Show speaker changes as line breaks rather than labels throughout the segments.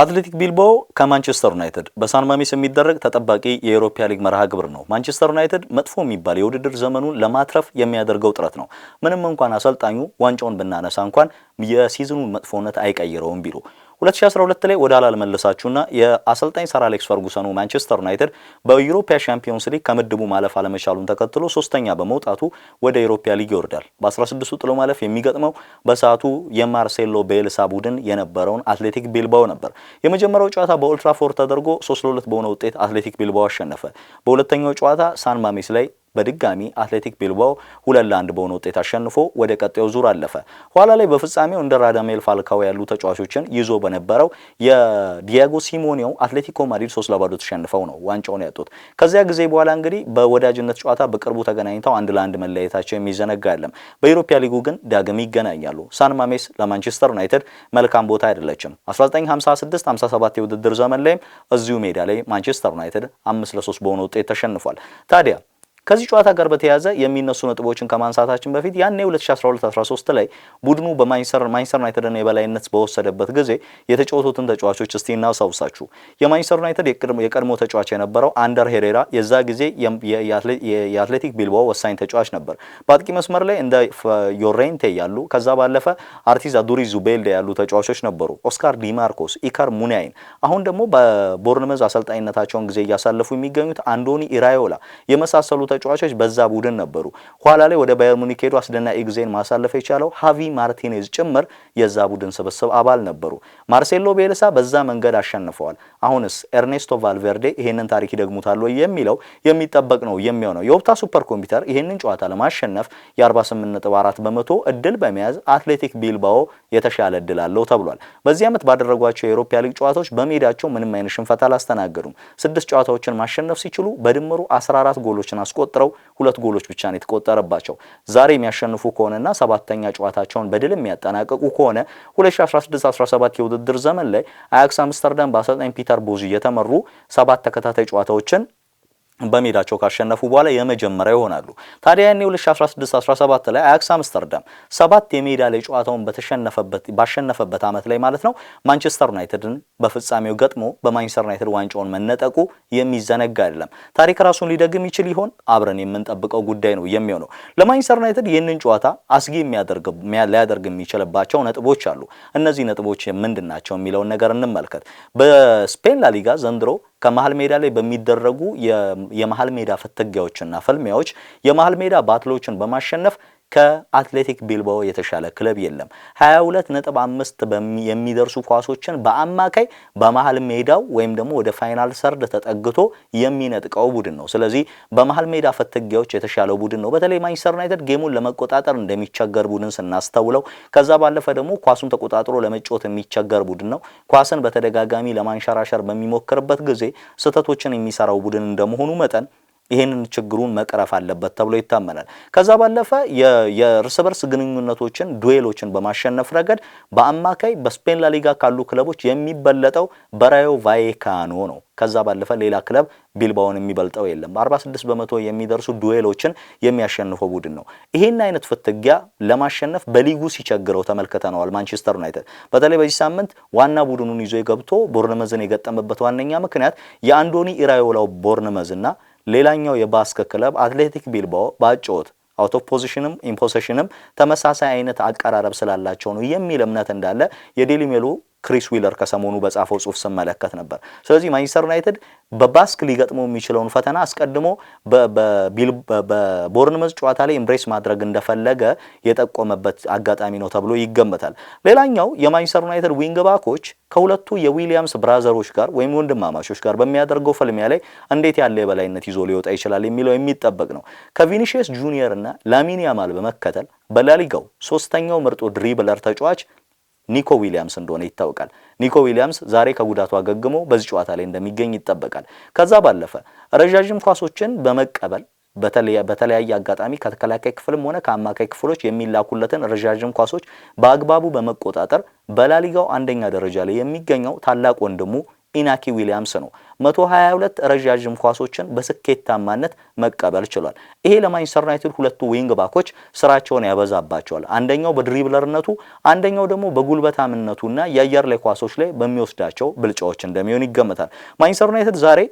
አትሌቲክ ቢልባኦ ከማንቸስተር ዩናይትድ በሳንማሜስ የሚደረግ ተጠባቂ የኤሮፓ ሊግ መርሃ ግብር ነው። ማንቸስተር ዩናይትድ መጥፎ የሚባል የውድድር ዘመኑን ለማትረፍ የሚያደርገው ጥረት ነው። ምንም እንኳን አሰልጣኙ ዋንጫውን ብናነሳ እንኳን የሲዝኑን መጥፎነት አይቀይረውም ቢሉ 2012 ላይ ወደ ኋላ ልመልሳችሁና የአሰልጣኝ ሰር አሌክስ ፈርጉሰኑ ማንቸስተር ዩናይትድ በዩሮፓ ሻምፒዮንስ ሊግ ከምድቡ ማለፍ አለመቻሉን ተከትሎ ሶስተኛ በመውጣቱ ወደ ዩሮፓ ሊግ ይወርዳል። በ16ቱ ጥሎ ማለፍ የሚገጥመው በሰዓቱ የማርሴሎ ቤልሳ ቡድን የነበረውን አትሌቲክ ቢልባኦ ነበር። የመጀመሪያው ጨዋታ በኦልትራፎርድ ተደርጎ 3 ለ2 በሆነ ውጤት አትሌቲክ ቢልባኦ አሸነፈ። በሁለተኛው ጨዋታ ሳን ማሜስ ላይ በድጋሚ አትሌቲክ ቢልባው ሁለት ለአንድ በሆነ ውጤት አሸንፎ ወደ ቀጣዩ ዙር አለፈ። ኋላ ላይ በፍጻሜው እንደ ራዳሜል ፋልካው ያሉ ተጫዋቾችን ይዞ በነበረው የዲያጎ ሲሞኔው አትሌቲኮ ማድሪድ ሶስት ለባዶ ተሸንፈው ነው ዋንጫውን ያጡት። ከዚያ ጊዜ በኋላ እንግዲህ በወዳጅነት ጨዋታ በቅርቡ ተገናኝተው አንድ ለአንድ መለያየታቸው የሚዘነጋ የለም። በኢሮፓ ሊጉ ግን ዳግም ይገናኛሉ። ሳን ማሜስ ለማንቸስተር ዩናይትድ መልካም ቦታ አይደለችም። 1956 57 የውድድር ዘመን ላይም እዚሁ ሜዳ ላይ ማንቸስተር ዩናይትድ አምስት ለሶስት በሆነ ውጤት ተሸንፏል። ታዲያ ከዚህ ጨዋታ ጋር በተያያዘ የሚነሱ ነጥቦችን ከማንሳታችን በፊት ያኔ 2012-13 ላይ ቡድኑ በማንቸስተር ዩናይትድን የበላይነት በወሰደበት ጊዜ የተጫወቱትን ተጫዋቾች እስቲ እናስታውሳችሁ። የማንቸስተር ዩናይትድ የቀድሞ ተጫዋች የነበረው አንደር ሄሬራ የዛ ጊዜ የአትሌቲክ ቢልቦ ወሳኝ ተጫዋች ነበር። በአጥቂ መስመር ላይ እንደ ዮሬንቴ ያሉ ከዛ ባለፈ አርቲዛ አዱሪ ዙቤልዴ ያሉ ተጫዋቾች ነበሩ። ኦስካር ዲማርኮስ፣ ኢካር ሙኒያይን አሁን ደግሞ በቦርንመዝ አሰልጣኝነታቸውን ጊዜ እያሳለፉ የሚገኙት አንዶኒ ኢራዮላ የመሳሰሉ ተጫዋቾች በዛ ቡድን ነበሩ። ኋላ ላይ ወደ ባየር ሙኒክ ሄዶ አስደናቂ ጊዜን ማሳለፍ የቻለው ሃቪ ማርቲኔዝ ጭምር የዛ ቡድን ስብስብ አባል ነበሩ። ማርሴሎ ቤልሳ በዛ መንገድ አሸንፈዋል። አሁንስ ኤርኔስቶ ቫልቬርዴ ይሄንን ታሪክ ይደግሙታል ወይ የሚለው የሚጠበቅ ነው የሚሆነው። የኦፕታ ሱፐር ኮምፒውተር ይሄንን ጨዋታ ለማሸነፍ የ48.4 በመቶ እድል በመያዝ አትሌቲክ ቢልባኦ የተሻለ እድል አለው ተብሏል። በዚህ ዓመት ባደረጓቸው የአውሮፓ ሊግ ጨዋታዎች በሜዳቸው ምንም አይነት ሽንፈት አላስተናገዱም። ስድስት ጨዋታዎችን ማሸነፍ ሲችሉ በድምሩ 14 ጎሎችን አስቆ አስቆጥረው ሁለት ጎሎች ብቻ ነው የተቆጠረባቸው። ዛሬ የሚያሸንፉ ከሆነና ሰባተኛ ጨዋታቸውን በድል የሚያጠናቀቁ ከሆነ 2016-17 የውድድር ዘመን ላይ አያክስ አምስተርዳም በአሰልጣኝ ፒተር ቦዚ የተመሩ ሰባት ተከታታይ ጨዋታዎችን በሜዳቸው ካሸነፉ በኋላ የመጀመሪያ ይሆናሉ። ታዲያ ያኔ 2016-17 ላይ አያክስ አምስተርዳም ሰባት የሜዳ ላይ ጨዋታውን በተሸነፈበት ባሸነፈበት ዓመት ላይ ማለት ነው ማንቸስተር ዩናይትድን በፍጻሜው ገጥሞ በማንቸስተር ዩናይትድ ዋንጫውን መነጠቁ የሚዘነጋ አይደለም። ታሪክ ራሱን ሊደግም ይችል ይሆን? አብረን የምንጠብቀው ጉዳይ ነው የሚሆነው። ለማንቸስተር ዩናይትድ ይህንን ጨዋታ አስጊ ሊያደርግ የሚችልባቸው ነጥቦች አሉ። እነዚህ ነጥቦች ምንድን ናቸው የሚለውን ነገር እንመልከት። በስፔን ላሊጋ ዘንድሮ ከመሀል ሜዳ ላይ በሚደረጉ የመሀል ሜዳ ፍትጊያዎችና ፍልሚያዎች የመሀል ሜዳ ባትሎችን በማሸነፍ ከአትሌቲክ ቢልባኦ የተሻለ ክለብ የለም። 22.5 የሚደርሱ ኳሶችን በአማካይ በመሀል ሜዳው ወይም ደግሞ ወደ ፋይናል ሰርድ ተጠግቶ የሚነጥቀው ቡድን ነው። ስለዚህ በመሀል ሜዳ ፈትጊያዎች የተሻለው ቡድን ነው። በተለይ ማንቸስተር ዩናይትድ ጌሙን ለመቆጣጠር እንደሚቸገር ቡድን ስናስተውለው፣ ከዛ ባለፈ ደግሞ ኳሱን ተቆጣጥሮ ለመጫወት የሚቸገር ቡድን ነው። ኳስን በተደጋጋሚ ለማንሸራሸር በሚሞክርበት ጊዜ ስህተቶችን የሚሰራው ቡድን እንደመሆኑ መጠን ይህንን ችግሩን መቅረፍ አለበት ተብሎ ይታመናል። ከዛ ባለፈ የእርስ በርስ ግንኙነቶችን ዱዌሎችን በማሸነፍ ረገድ በአማካይ በስፔን ላሊጋ ካሉ ክለቦች የሚበለጠው በራዮ ቫይካኖ ነው። ከዛ ባለፈ ሌላ ክለብ ቢልባውን የሚበልጠው የለም። 46 በመቶ የሚደርሱ ዱዌሎችን የሚያሸንፈው ቡድን ነው። ይሄን አይነት ፍትጊያ ለማሸነፍ በሊጉ ሲቸግረው ተመልክተነዋል። ማንቸስተር ዩናይትድ በተለይ በዚህ ሳምንት ዋና ቡድኑን ይዞ ገብቶ ቦርነመዝን የገጠመበት ዋነኛ ምክንያት የአንዶኒ ኢራዮላው ቦርነመዝና ሌላኛው የባስክ ክለብ አትሌቲክ ቢልባኦ ባጭወት አውት ኦፍ ፖዚሽንም ኢምፖሴሽንም ተመሳሳይ አይነት አቀራረብ ስላላቸው ነው የሚል እምነት እንዳለ የዴሊ ሜሉ ክሪስ ዊለር ከሰሞኑ በጻፈው ጽሁፍ ስመለከት ነበር። ስለዚህ ማንቸስተር ዩናይትድ በባስክ ሊገጥመው የሚችለውን ፈተና አስቀድሞ በቦርንመዝ ጨዋታ ላይ ኢምብሬስ ማድረግ እንደፈለገ የጠቆመበት አጋጣሚ ነው ተብሎ ይገመታል። ሌላኛው የማንቸስተር ዩናይትድ ዊንግ ባኮች ከሁለቱ የዊሊያምስ ብራዘሮች ጋር ወይም ወንድማማቾች ጋር በሚያደርገው ፍልሚያ ላይ እንዴት ያለ የበላይነት ይዞ ሊወጣ ይችላል የሚለው የሚጠበቅ ነው። ከቪኒሺየስ ጁኒየር እና ላሚን ያማል በመከተል በላሊጋው ሶስተኛው ምርጡ ድሪብለር ተጫዋች ኒኮ ዊሊያምስ እንደሆነ ይታወቃል። ኒኮ ዊሊያምስ ዛሬ ከጉዳቱ አገግሞ በዚህ ጨዋታ ላይ እንደሚገኝ ይጠበቃል። ከዛ ባለፈ ረዣዥም ኳሶችን በመቀበል በተለያየ አጋጣሚ ከተከላካይ ክፍልም ሆነ ከአማካይ ክፍሎች የሚላኩለትን ረዣዥም ኳሶች በአግባቡ በመቆጣጠር በላሊጋው አንደኛ ደረጃ ላይ የሚገኘው ታላቅ ወንድሙ ኢናኪ ዊሊያምስ ነው። 122 ረዣዥም ኳሶችን በስኬታማነት መቀበል ችሏል። ይሄ ለማንቸስተር ዩናይትድ ሁለቱ ዊንግ ባኮች ስራቸውን ያበዛባቸዋል። አንደኛው በድሪብለርነቱ፣ አንደኛው ደግሞ በጉልበታምነቱና የአየር ላይ ኳሶች ላይ በሚወስዳቸው ብልጫዎች እንደሚሆን ይገመታል። ማንቸስተር ዩናይትድ ዛሬ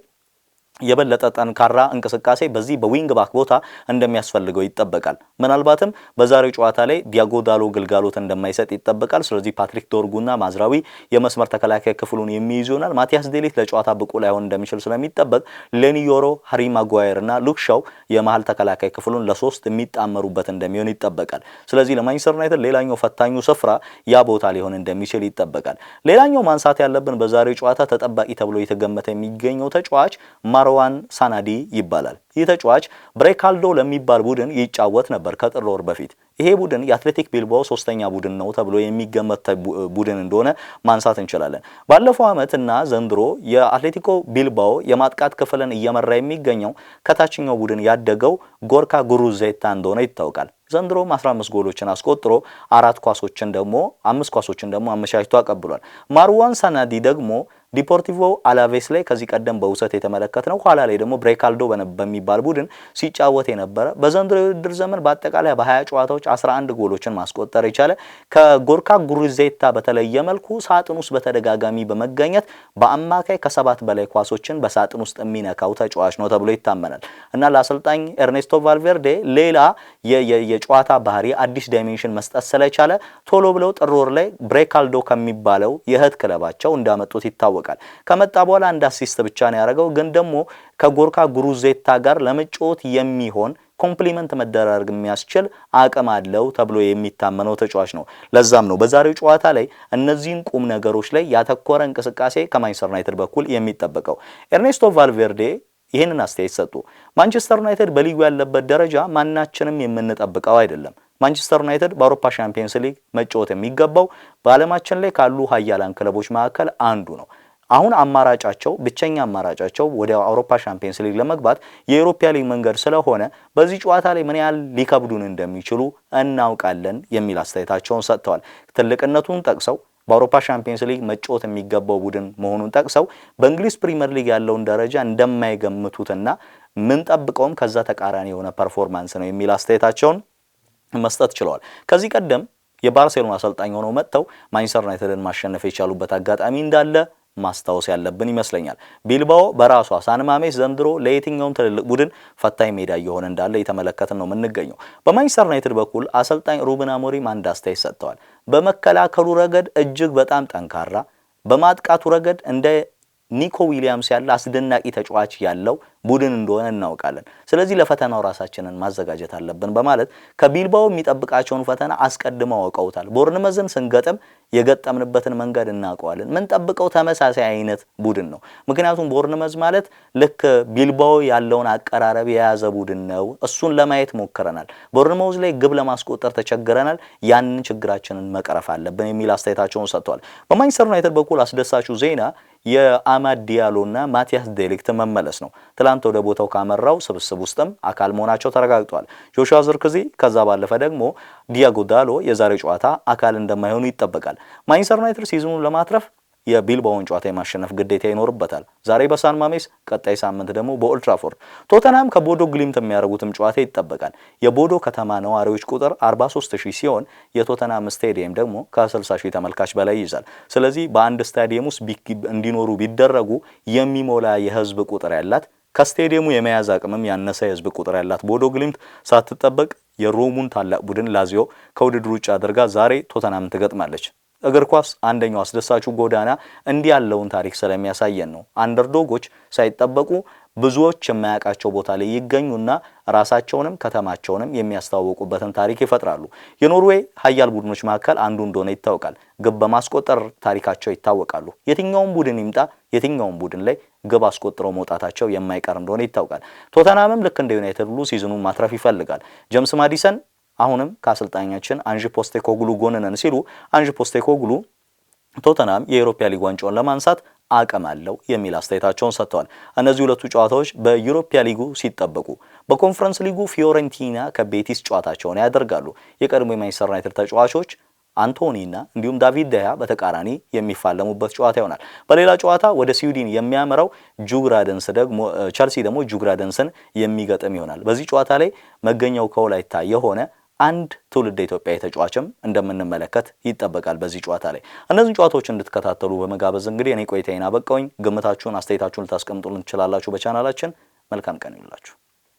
የበለጠ ጠንካራ እንቅስቃሴ በዚህ በዊንግ ባክ ቦታ እንደሚያስፈልገው ይጠበቃል። ምናልባትም በዛሬው ጨዋታ ላይ ዲያጎዳሎ ግልጋሎት እንደማይሰጥ ይጠበቃል። ስለዚህ ፓትሪክ ዶርጉና ማዝራዊ የመስመር ተከላካይ ክፍሉን የሚይዙ ይሆናል። ማቲያስ ዴሊት ለጨዋታ ብቁ ላይሆን እንደሚችል ስለሚጠበቅ ሌኒዮሮ፣ ዮሮ፣ ሃሪ ማጓየር እና ሉክሻው የመሀል ተከላካይ ክፍሉን ለሶስት የሚጣመሩበት እንደሚሆን ይጠበቃል። ስለዚህ ለማንቸስተር ዩናይትድ ሌላኛው ፈታኙ ስፍራ ያ ቦታ ሊሆን እንደሚችል ይጠበቃል። ሌላኛው ማንሳት ያለብን በዛሬው ጨዋታ ተጠባቂ ተብሎ የተገመተ የሚገኘው ተጫዋች ማር ማርዋን ሳናዲ ይባላል። ይህ ተጫዋች ብሬካልዶ ለሚባል ቡድን ይጫወት ነበር ከጥር ወር በፊት። ይሄ ቡድን የአትሌቲክ ቢልባኦ ሶስተኛ ቡድን ነው ተብሎ የሚገመት ቡድን እንደሆነ ማንሳት እንችላለን። ባለፈው ዓመት እና ዘንድሮ የአትሌቲኮ ቢልባኦ የማጥቃት ክፍልን እየመራ የሚገኘው ከታችኛው ቡድን ያደገው ጎርካ ጉሩዜታ እንደሆነ ይታወቃል። ዘንድሮም 15 ጎሎችን አስቆጥሮ አራት ኳሶችን ደግሞ አምስት ኳሶችን ደግሞ አመቻችቶ አቀብሏል። ማርዋን ሳናዲ ደግሞ ዲፖርቲቮ አላቬስ ላይ ከዚህ ቀደም በውሰት የተመለከት ነው። ኋላ ላይ ደግሞ ብሬካልዶ በሚባል ቡድን ሲጫወት የነበረ በዘንድሮ የውድድር ዘመን በአጠቃላይ በሀያ ጨዋታዎች 11 ጎሎችን ማስቆጠር የቻለ ከጎርካ ጉሩዜታ በተለየ መልኩ ሳጥን ውስጥ በተደጋጋሚ በመገኘት በአማካይ ከሰባት በላይ ኳሶችን በሳጥን ውስጥ የሚነካው ተጫዋች ነው ተብሎ ይታመናል እና ለአሰልጣኝ ኤርኔስቶ ቫልቬርዴ ሌላ የጨዋታ ባህሪ አዲስ ዳይሜንሽን መስጠት ስለቻለ ቶሎ ብለው ጥር ወር ላይ ብሬካልዶ ከሚባለው የእህት ክለባቸው እንዳመጡት ይታወቃል። ይታወቃል። ከመጣ በኋላ አንድ አሲስት ብቻ ነው ያደረገው፣ ግን ደግሞ ከጎርካ ጉሩዜታ ጋር ለመጫወት የሚሆን ኮምፕሊመንት መደራረግ የሚያስችል አቅም አለው ተብሎ የሚታመነው ተጫዋች ነው። ለዛም ነው በዛሬው ጨዋታ ላይ እነዚህን ቁም ነገሮች ላይ ያተኮረ እንቅስቃሴ ከማንቸስተር ዩናይትድ በኩል የሚጠበቀው። ኤርኔስቶ ቫልቬርዴ ይህንን አስተያየት ሰጡ። ማንቸስተር ዩናይትድ በሊጉ ያለበት ደረጃ ማናችንም የምንጠብቀው አይደለም። ማንቸስተር ዩናይትድ በአውሮፓ ሻምፒየንስ ሊግ መጫወት የሚገባው በዓለማችን ላይ ካሉ ሀያላን ክለቦች መካከል አንዱ ነው። አሁን አማራጫቸው ብቸኛ አማራጫቸው ወደ አውሮፓ ሻምፒየንስ ሊግ ለመግባት የኤሮፓ ሊግ መንገድ ስለሆነ በዚህ ጨዋታ ላይ ምን ያህል ሊከብዱን እንደሚችሉ እናውቃለን የሚል አስተያየታቸውን ሰጥተዋል። ትልቅነቱን ጠቅሰው በአውሮፓ ሻምፒየንስ ሊግ መጫወት የሚገባው ቡድን መሆኑን ጠቅሰው በእንግሊዝ ፕሪምየር ሊግ ያለውን ደረጃ እንደማይገምቱትና ጠብቀውም ከዛ ተቃራኒ የሆነ ፐርፎርማንስ ነው የሚል አስተያየታቸውን መስጠት ችለዋል። ከዚህ ቀደም የባርሴሎና አሰልጣኝ ሆነው መጥተው ማንቸስተር ዩናይትድን ማሸነፍ የቻሉበት አጋጣሚ እንዳለ ማስታወስ ያለብን ይመስለኛል። ቢልባኦ በራሷ ሳንማሜስ ዘንድሮ ለየትኛውም ትልልቅ ቡድን ፈታኝ ሜዳ እየሆነ እንዳለ የተመለከትን ነው የምንገኘው። በማንቸስተር ዩናይትድ በኩል አሰልጣኝ ሩበን አሞሪም አንድ አስተያየት ሰጥተዋል። በመከላከሉ ረገድ እጅግ በጣም ጠንካራ፣ በማጥቃቱ ረገድ እንደ ኒኮ ዊሊያምስ ያለ አስደናቂ ተጫዋች ያለው ቡድን እንደሆነ እናውቃለን። ስለዚህ ለፈተናው ራሳችንን ማዘጋጀት አለብን በማለት ከቢልባው የሚጠብቃቸውን ፈተና አስቀድመው አውቀውታል። ቦርንመዝን ስንገጥም የገጠምንበትን መንገድ እናውቀዋለን። ምንጠብቀው ተመሳሳይ አይነት ቡድን ነው። ምክንያቱም ቦርንመዝ ማለት ልክ ቢልባው ያለውን አቀራረብ የያዘ ቡድን ነው። እሱን ለማየት ሞክረናል። ቦርንመዝ ላይ ግብ ለማስቆጠር ተቸግረናል። ያንን ችግራችንን መቅረፍ አለብን የሚል አስተያየታቸውን ሰጥተዋል። በማንቸስተር ዩናይትድ በኩል አስደሳቹ ዜና የአማድ ዲያሎና ማቲያስ ዴሊክት መመለስ ነው። ትላንት ወደ ቦታው ካመራው ስብስብ ውስጥም አካል መሆናቸው ተረጋግጧል። ጆሹዋ ዝርክዚ ከዛ ባለፈ ደግሞ ዲያጎ ዳሎ የዛሬው ጨዋታ አካል እንደማይሆኑ ይጠበቃል። ማንቸስተር ዩናይትድ ሲዝኑን ለማትረፍ የቢልባውን ጨዋታ የማሸነፍ ግዴታ ይኖርበታል። ዛሬ በሳን ማሜስ፣ ቀጣይ ሳምንት ደግሞ በኦልትራፎርድ። ቶተናም ከቦዶ ግሊምት የሚያደርጉትም ጨዋታ ይጠበቃል። የቦዶ ከተማ ነዋሪዎች ቁጥር 43000 ሲሆን የቶተናም ስታዲየም ደግሞ ከ60000 ተመልካች በላይ ይይዛል። ስለዚህ በአንድ ስታዲየም ውስጥ እንዲኖሩ ቢደረጉ የሚሞላ የህዝብ ቁጥር ያላት ከስቴዲየሙ የመያዝ አቅምም ያነሰ የህዝብ ቁጥር ያላት ቦዶ ግሊምት ሳትጠበቅ የሮሙን ታላቅ ቡድን ላዚዮ ከውድድር ውጭ አድርጋ ዛሬ ቶተናምን ትገጥማለች። እግር ኳስ አንደኛው አስደሳቹ ጎዳና እንዲህ ያለውን ታሪክ ስለሚያሳየን ነው። አንደርዶጎች ሳይጠበቁ ብዙዎች የማያውቃቸው ቦታ ላይ ይገኙና ራሳቸውንም ከተማቸውንም የሚያስተዋወቁበትን ታሪክ ይፈጥራሉ። የኖርዌይ ሀያል ቡድኖች መካከል አንዱ እንደሆነ ይታወቃል። ግብ በማስቆጠር ታሪካቸው ይታወቃሉ። የትኛውም ቡድን ይምጣ፣ የትኛውም ቡድን ላይ ግብ አስቆጥረው መውጣታቸው የማይቀር እንደሆነ ይታወቃል። ቶተናምም ልክ እንደ ዩናይትድ ሁሉ ሲዝኑን ማትረፍ ይፈልጋል። ጀምስ ማዲሰን አሁንም ከአሰልጣኛችን አንጅ ፖስቴኮግሉ ጎን ነን ሲሉ አንጅ ፖስቴኮግሉ ቶተናም የአውሮፓ ሊግ ዋንጫውን ለማንሳት አቅም አለው የሚል አስተያየታቸውን ሰጥተዋል። እነዚህ ሁለቱ ጨዋታዎች በዩሮፓ ሊጉ ሲጠበቁ፣ በኮንፈረንስ ሊጉ ፊዮረንቲና ከቤቲስ ጨዋታቸውን ያደርጋሉ። የቀድሞ የማንቸስተር ዩናይትድ ተጫዋቾች አንቶኒና እንዲሁም ዳቪድ ደያ በተቃራኒ የሚፋለሙበት ጨዋታ ይሆናል። በሌላ ጨዋታ ወደ ስዊድን የሚያመራው ጁግራደንስ ደግሞ ቸልሲ ደግሞ ጁግራደንስን የሚገጥም ይሆናል። በዚህ ጨዋታ ላይ መገኛው ከወላይታ የሆነ አንድ ትውልድ ኢትዮጵያዊ ተጫዋችም እንደምንመለከት ይጠበቃል። በዚህ ጨዋታ ላይ እነዚህን ጨዋታዎች እንድትከታተሉ በመጋበዝ እንግዲህ እኔ ቆይታዬን አበቃውኝ። ግምታችሁን፣ አስተያየታችሁን ልታስቀምጡልን ትችላላችሁ በቻናላችን። መልካም ቀን ይሁንላችሁ።